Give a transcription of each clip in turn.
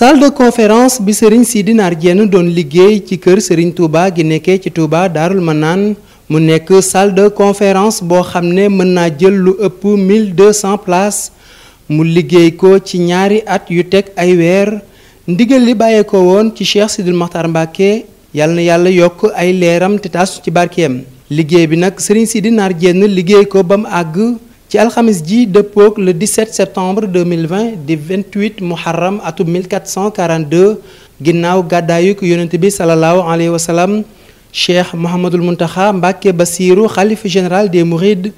salle de conférence bi sëriñ si Naar Dieng doon liggéey ci kër sëriñ Touba gi nekkee ci Touba Daarul naan mu nekk salle de conférence boo xam ne mën naa jël lu ëpp 1200 places mu liggéey ko ci ñaari at yu teg ay weer ndigal li bàyyeekoo woon ci Cheikh Sidil Maxtar Mbàkke yàlla na yàlla yokk ay leeram te taasu ci barkeem liggéey bi nag sëriñ si Naar Dieng liggéey ko ba mu àgg ci alxamis ji dëppook le 17 septembre 2020 di 28 muharram atum 1442 ginnaaw gàddaayuk yonent bi salallahu alayhi wa salaam cheikh Mouhamadul Mountakha Mbacke Bassirou xalifa général de Mourides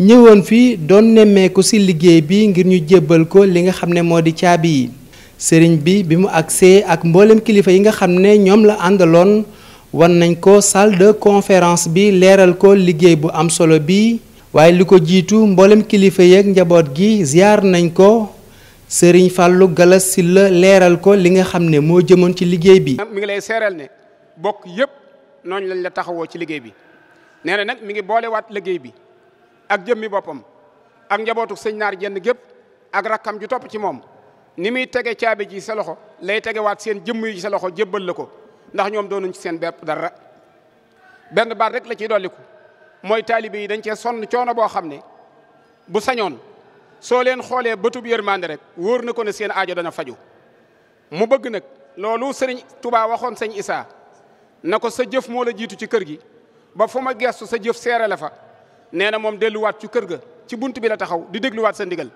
ñëwoon fi doon nemmeeku ci liggéey bi ngir ñu jébbal ko li nga xam ne moo di caabi yi sëriñ bi bi mu agsee ak mboolem kilifa yi nga xam ne ñoom la àndaloon wan nañ ko salle de conférence bi leeral ko liggéey bu am solo bi waaye li ko jiitu mboolem kilifa yeeg njaboot gi ziar nañ ko sëriñ Fallou Galass Sylla leeral ko li nga xam ne moo jëmoon ci liggéey bi. mi ngi lay seeral ne bokk yëpp noonu lañ la taxawoo ci liggéey bi nee na nag mi ngi boolewaat liggéey bi ak jëmmi boppam ak njabootu sëñ naar jenn gépp ak rakkam ju topp ci moom ni muy tege caabi ji sa loxo lay tegewaat seen jëmm yi sa loxo jébbal la ko ndax ñoom doonuñ ci seen bépp dara benn baat rek la ciy dolliku. mooy taalibe yi dañ cee sonn coono boo xam ne bu sañoon soo leen xoolee bëtub yërmande rek wóor na ko ne seen aajo dana faju mu bëgg nag loolu sëriñ tubaa waxoon sëñ Isaa na ko sa jëf moo la jiitu ci kër gi ba fu ma gestu sa jëf seere la fa nee na moom delluwaat ci kër ga ci bunt bi la taxaw di dégluwaat sa ndigal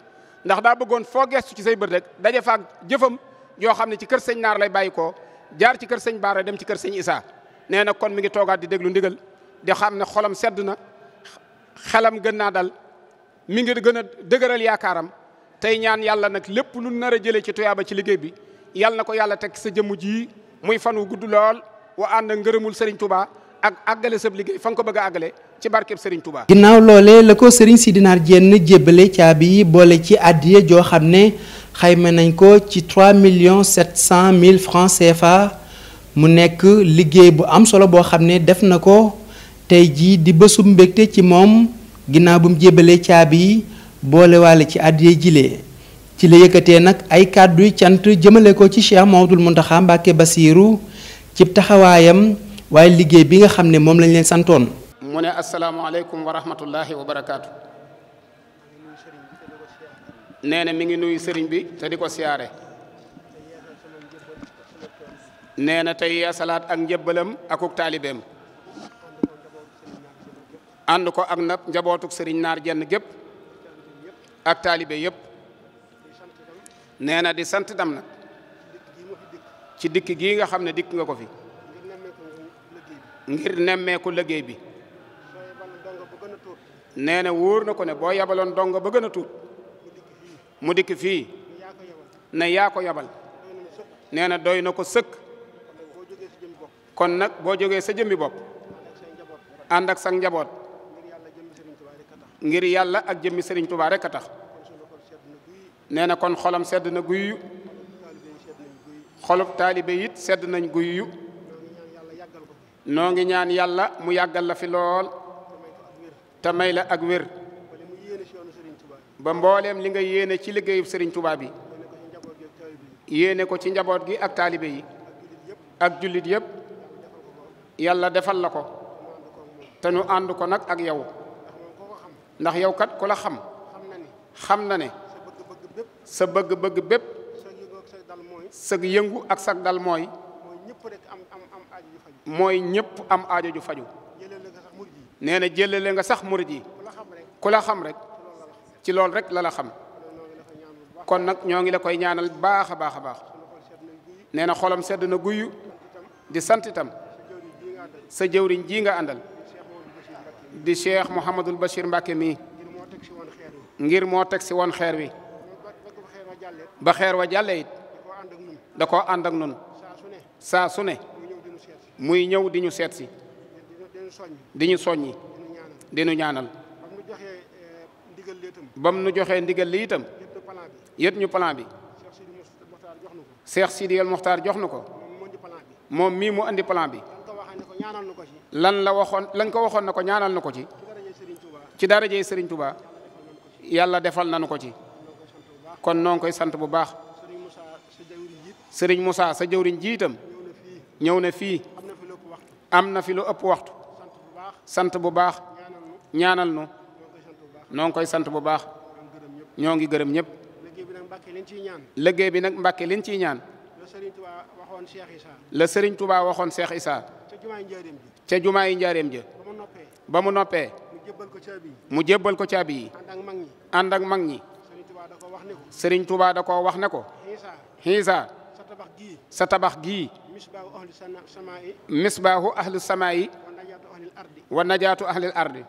ndax daa bëggoon foo gestu ci say bët rek daje faak jëfam yoo xam ne ci kër sëñ naar lay bàyyi koo jaar ci kër sëñ baar dem ci kër sëñ isaa nee na kon mi ngi toogaat di déglu ndigal di xam ne xolam sedd na xelam gën naa dal mi ngi gën a dëgëral yaakaaram tey ñaan yàlla nag lépp lu nar a jëlee ci tuyaaba ci liggéey bi yàlla na ko yàlla teg sa jëmm ji muy fan wu gudd lool wa ànd ak ngërëmul Serigne Touba ak àggale sab liggéey fa nga ko bëgg a àggale ci barkeb sëriñ Touba. ginnaaw loolee la ko Serigne si Nar Diène jébbale caabi yi boole ci addiya joo xam ne xayma nañ ko ci 3 millions 700 mille francs CFA mu nekk liggéey bu am solo boo xam ne def na ko. tey jii di bësu mbégte ci moom ginnaaw bu mu jébalee caabi yi boolewaale ci àddiyee jile ci la yëkkatee nag ay kàdduy cant jëmale ko ci Cheikh Mamadul Muntaxa Mbàkke Basiiru cib taxawaayam waaye liggéey bi nga xam ne moom lañ leen santoon mu ne asalaamaaleykum wa rahmatullahi wa barakaatu nee na mi ngi nuyu sëriñ bi di ko siyaare nee na tey yeesalaat ak njëbbalam akuk taalibeem ànd ko ak nag njabootuk sëriñ naar jenn gépp ak taalibe yëpp nee na di sant dam nag ci dikk gii nga xam ne dikk nga ko fi ngir nemmeeku liggéey bi nee na wóor na ko ne boo yabaloon donga ba gën a tuut mu dikk fii na yaa ko yabal nee na doy na ko sëkk kon nag boo jógee sa jëmmi bopp ànd ak sa njaboot ngir yàlla ak jëmmi Serigne Touba rekk a tax nee na kon xolam sedd na guyyu xolub taalibe it sedd nañ guyyu noo ngi ñaan yàlla mu yàggal la fi lool te may la ak wér ba mbooleem li nga yéene ci liggéeyub Serigne tubaab yi yéene ko ci njaboot gi ak taalibe yi ak jullit yépp yàlla defal la ko te nu ànd ko nag ak yow ndax yow kat ku la xam xam na ne sa bëgg-bëgg bépp sa yëngu ak sag dal mooy mooy ñëpp am aajo ju faju nee na jëlale nga sax murit yi ku la xam rek ci loolu rek la la xam kon nag ñoo ngi la koy ñaanal baax a baax a baax nee na xolam sedd na guyu di sant itam sa jëwriñ jii nga àndal di cheikh Mouhamadul Bachir Mbacke mii ngir moo teg si woon xeer wi ba xeer wa jàlle da koo ànd ak nun saa su ne muy ñëw di ñu seet si di ñu soññi di ñu ñaanal bam nu joxee ndigal li itam yët ñu plan bi Cheikh Sidi El jox nu ko moom mii mu andi plan bi lan la waxoon lan ko waxoon na ko ñaanal na ko ci ci dara darajey Serigne Touba yàlla defal nañu ko ci kon noo koy sant bu baax sëriñ Moussa sa jëwriñ jiitam ñëw ne fii am na fi lu ëpp waxtu sant bu baax ñaanal nu noo ngi koy sant bu baax ñoo ngi gërëm ñëpp liggéey bi nag Mbàkke liñ ciy ñaan la Serigne Touba waxoon Cheikh Issa. la Serigne waxoon Cheikh Issa. ca jumaay njaareem ji. ca njaareem ji. ba mu noppee. ba mu jébbal ko caabi yi. mu jébbal ko caabi yi. ak mag ñi. ànd ak mag ñi. Serigne Touba da wax ne ko. da koo wax ne ko. Issa. Issa. sa tabax gii. sa tabax gii. misbaahu ahli samaa yi. wa najaatu ahlil ardi. wa najaatu ahlil ardi.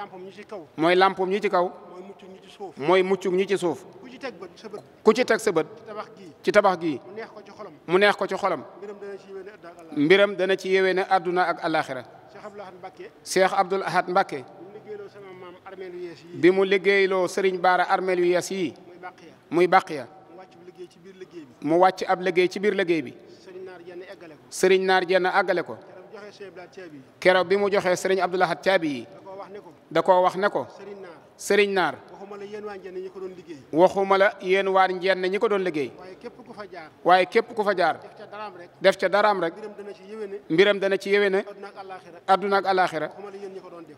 lampam ñi ci kaw. mooy lampam ñi ci kaw. mooy muccug ñi ci suuf. mooy muccug ñi ci suuf. ku ci teg sa ku ci teg sa bët. ci tabax gii. ci tabax gii. mu neex ko ci xolam. mu neex ko ci xolam. mbiram dana ci yéwee ne àdduna ak àllaaxira. Cheikh Abdoul Ahad Mbacké. bi mu liggéeyloo Serigne Baara armeel yu yees yi. muy Baqiya. mu wàcc ab liggéey ci biir liggéey bi. Serigne Naar Jenn àggale ko. keroog bi mu joxee Serigne Abdoul Ahad caabi yi. da ko wax ne ko sëriñ naar waxuma la yéen waar njeen ñi ko doon liggéey waaye képp ku fa jaar def ca daraam rek mbiram dana ci yéwéne adduna ak alaxira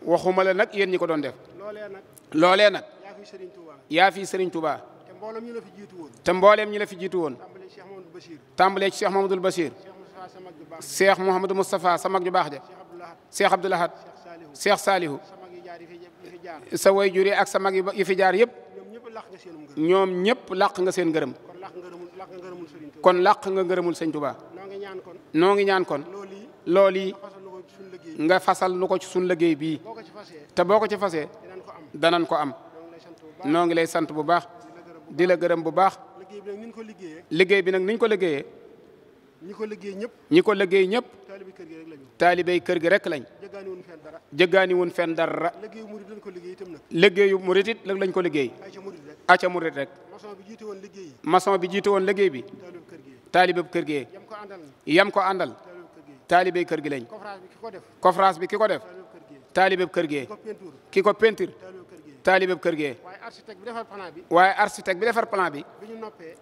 waxuma la nag yéen ñi ko doon def loolee nag yaa fi sëriñ Touba te mbooleem ñi la fi jiitu woon tàmbalee ci Cheikh Mamadou Bachir Cheikh Mouhamadou Moustapha sa mag ju baax ja Cheikh Abdoul Ahad Cheikh Salihu sa way jur yi ak sa mag yi fi jaar yëpp ñoom ñëpp làq nga seen ngërëm kon làq nga ngërëmul sëñ Tuubaa noo ngi ñaan kon loolu yi nga fasal nu ko ci suñ liggéey bii te boo ko ci fasee danañ ko am noo ngi lay sant bu baax di la gërëm bu baax liggéey bi nag niñ ko liggéeyee ñi ko liggéey ñëpp ñi ko liggéey ñëpp taalibey kër gi rek lañ. jëggaani wuñ fenn dara. liggéeyu murit it lañ ko liggéey. aca murit rek. maçon bi jiite woon liggéey bi. taalibeb kër gi yam ko àndal. taalibey kër gi lañ. conférence def. taalibeb kër gi pentir. taalibeb kër architecte bi defar bi. waaye architecte bi defar plan bi. bi ñu noppee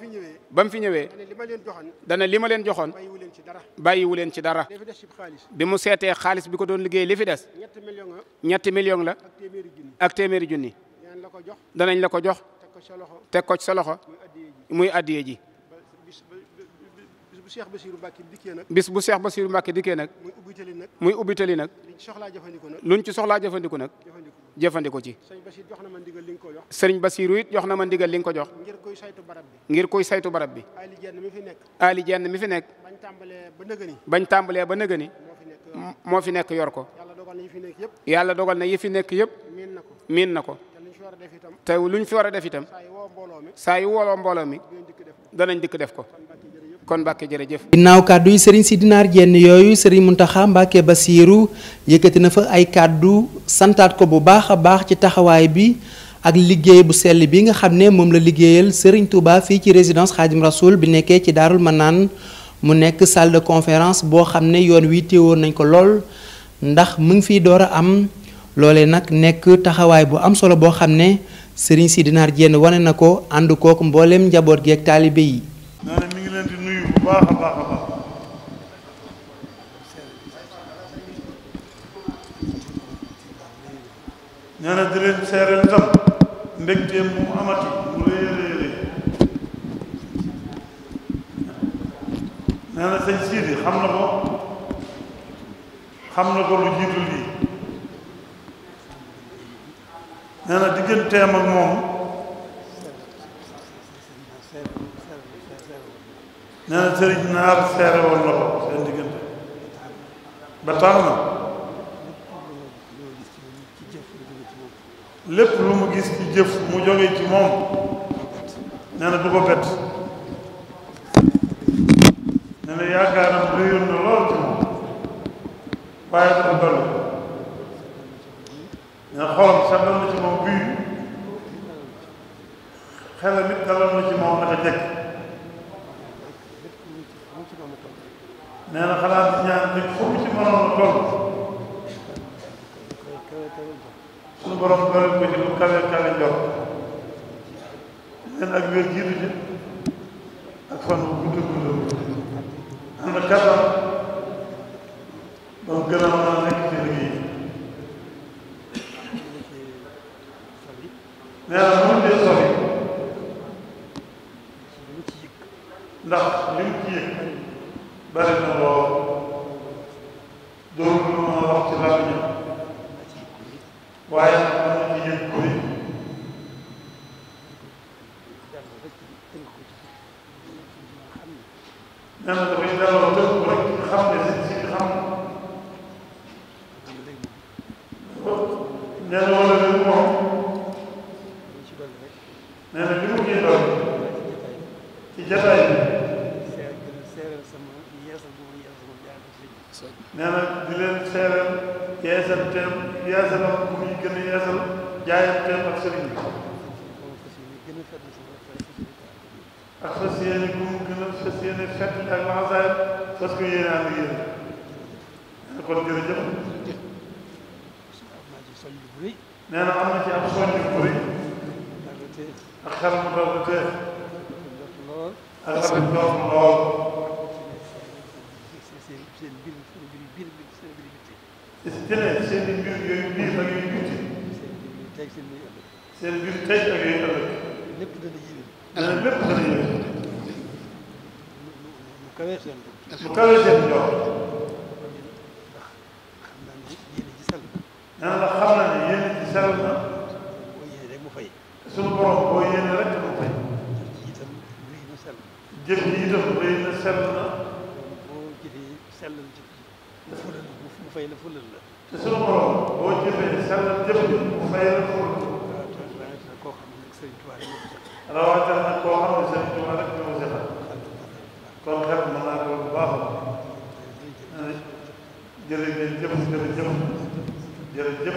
bi ñu ba mu fi ñëwee. dana li ma leen joxoon. dana li ma leen joxoon. bàyyiwu leen ci dara. bàyyiwu leen ci dara. bi mu seetee xaalis bi ko doon liggéey li fi des. ñetti million la. ñetti million la. ak téeméeri junni. ak téeméeri danañ la ko jox. danañ la ko jox. teg ko ci sa loxo. muy addiye ji. bu Cheikh Bassirou Mbacké dikkee nag. bis bu Cheikh Bassirou Mbacké dikkee nag. muy ubbitali nag. muy ubbitali nag. luñ ci soxlaa jëfandiku nag. soxlaa jëfandiku nag. jëfandiku ci. sëriñ Bassirou jox na ma ndigal li nga ko jox. sëriñ Bassirou it jox na ma ndigal li ko jox. ngir koy saytu barab bi. ngir koy bi. Ali Jenn mi fi nekk. Ali Jenn mi fi nekk. bañ tàmbalee ba nëgëni. bañ tàmbalee ba nëgëni. moo fi nekk yor ko. yàlla dogal na yi fi nekk yëpp. miin na ko. te luñ fi war a def itam. saa yu woo mbooloo mi. danañ dikk def ko kon Mbacke jërëjëf. ginnaaw kàddu yi Serigne si dinaar jenn yooyu Serigne Mountakha Mbacke Bassirou yëkkati na fa ay kàddu santaat ko bu baax a baax ci taxawaay bi ak liggéey bu sell bi nga xam ne moom la liggéeyal Serigne Touba fii ci résidence Khadim Rasoul bi nekkee ci Daarul naan mu nekk salle de conférence boo xam ne yoon wi téewoon nañ ko lool ndax mu ngi fiy door a am loole nag nekk taxawaay bu am solo boo xam ne Serigne si dinaar jenn wane na ko ànd kook mbooleem njaboot gi ak taalibe baax a baax a baax nee na di leen seereel itam mbégteem mu amati mu rëy rëy rëy nee na sëñ xam na ko xam na ko lu jiitu lii nee na moom nee na naar seere woon na ko seen diggante ba tax na lépp lu mu gis ci jëf mu jóge ci moom nee na du ko bett nee na yaakaaram réyoon na lool ci moom waaye dafa dolli nee na xolam seddal ci moom bii xelam it dalal na ci moom naka jekk nee na xalaat di ñaan fu mu ci mënoon a toll. suñu borom bëri ko ci lu kawe kawe njor. nee na ak ci ak fan bu gudd gudd. am na kattan ba gën nekk ci liggéey. nee na mënul dee sori. ndax. dañ delloo tënk rek xam ne si si xam nee na wala bi moom nee na li mu ciy doon ci jataay bi nee na di leen seeral yeesal teem yeesalam bu muy gën a yeesal jaayam teem ak sëriñ bi ak fas yéene ku mu gën a fas yéene fett ak laxasaay fas ko yéene ànd yéen kon jërëjëf nee na am na ci ab soññ bu rëy ak xel mu dal ko tee ak rafet lool lool ci ne seen i mbir yooyu biir ak yooyu bitti seen mbir tey ak yooyu ëllëg lépp dana alal lépp danañ ñëw. lu kawe seen njort. lu kawe seen njort. nee na xam na ne yéen ci sell na. suñu borom boo yéene rek mu fay. jëf yi itam rëy na sell na. boo jëfee sell na mu fay la fulal la. te suñu borom boo jëfee sell jëf mu fay la fulal la. rawatina nag koo xam ne sëriñ Tuubaa rek ñoo seqal kon xel mën naa ko bu baax a baax jërëjëf jërëjëf jërëjëf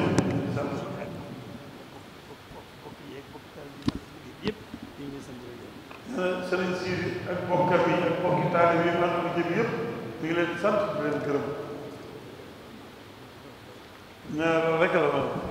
sant sëriñ si ak bokkam yi ak bokki taalib yi man ko jëm yëpp mi ngi leen sant di leen gërëm ñaar rek la man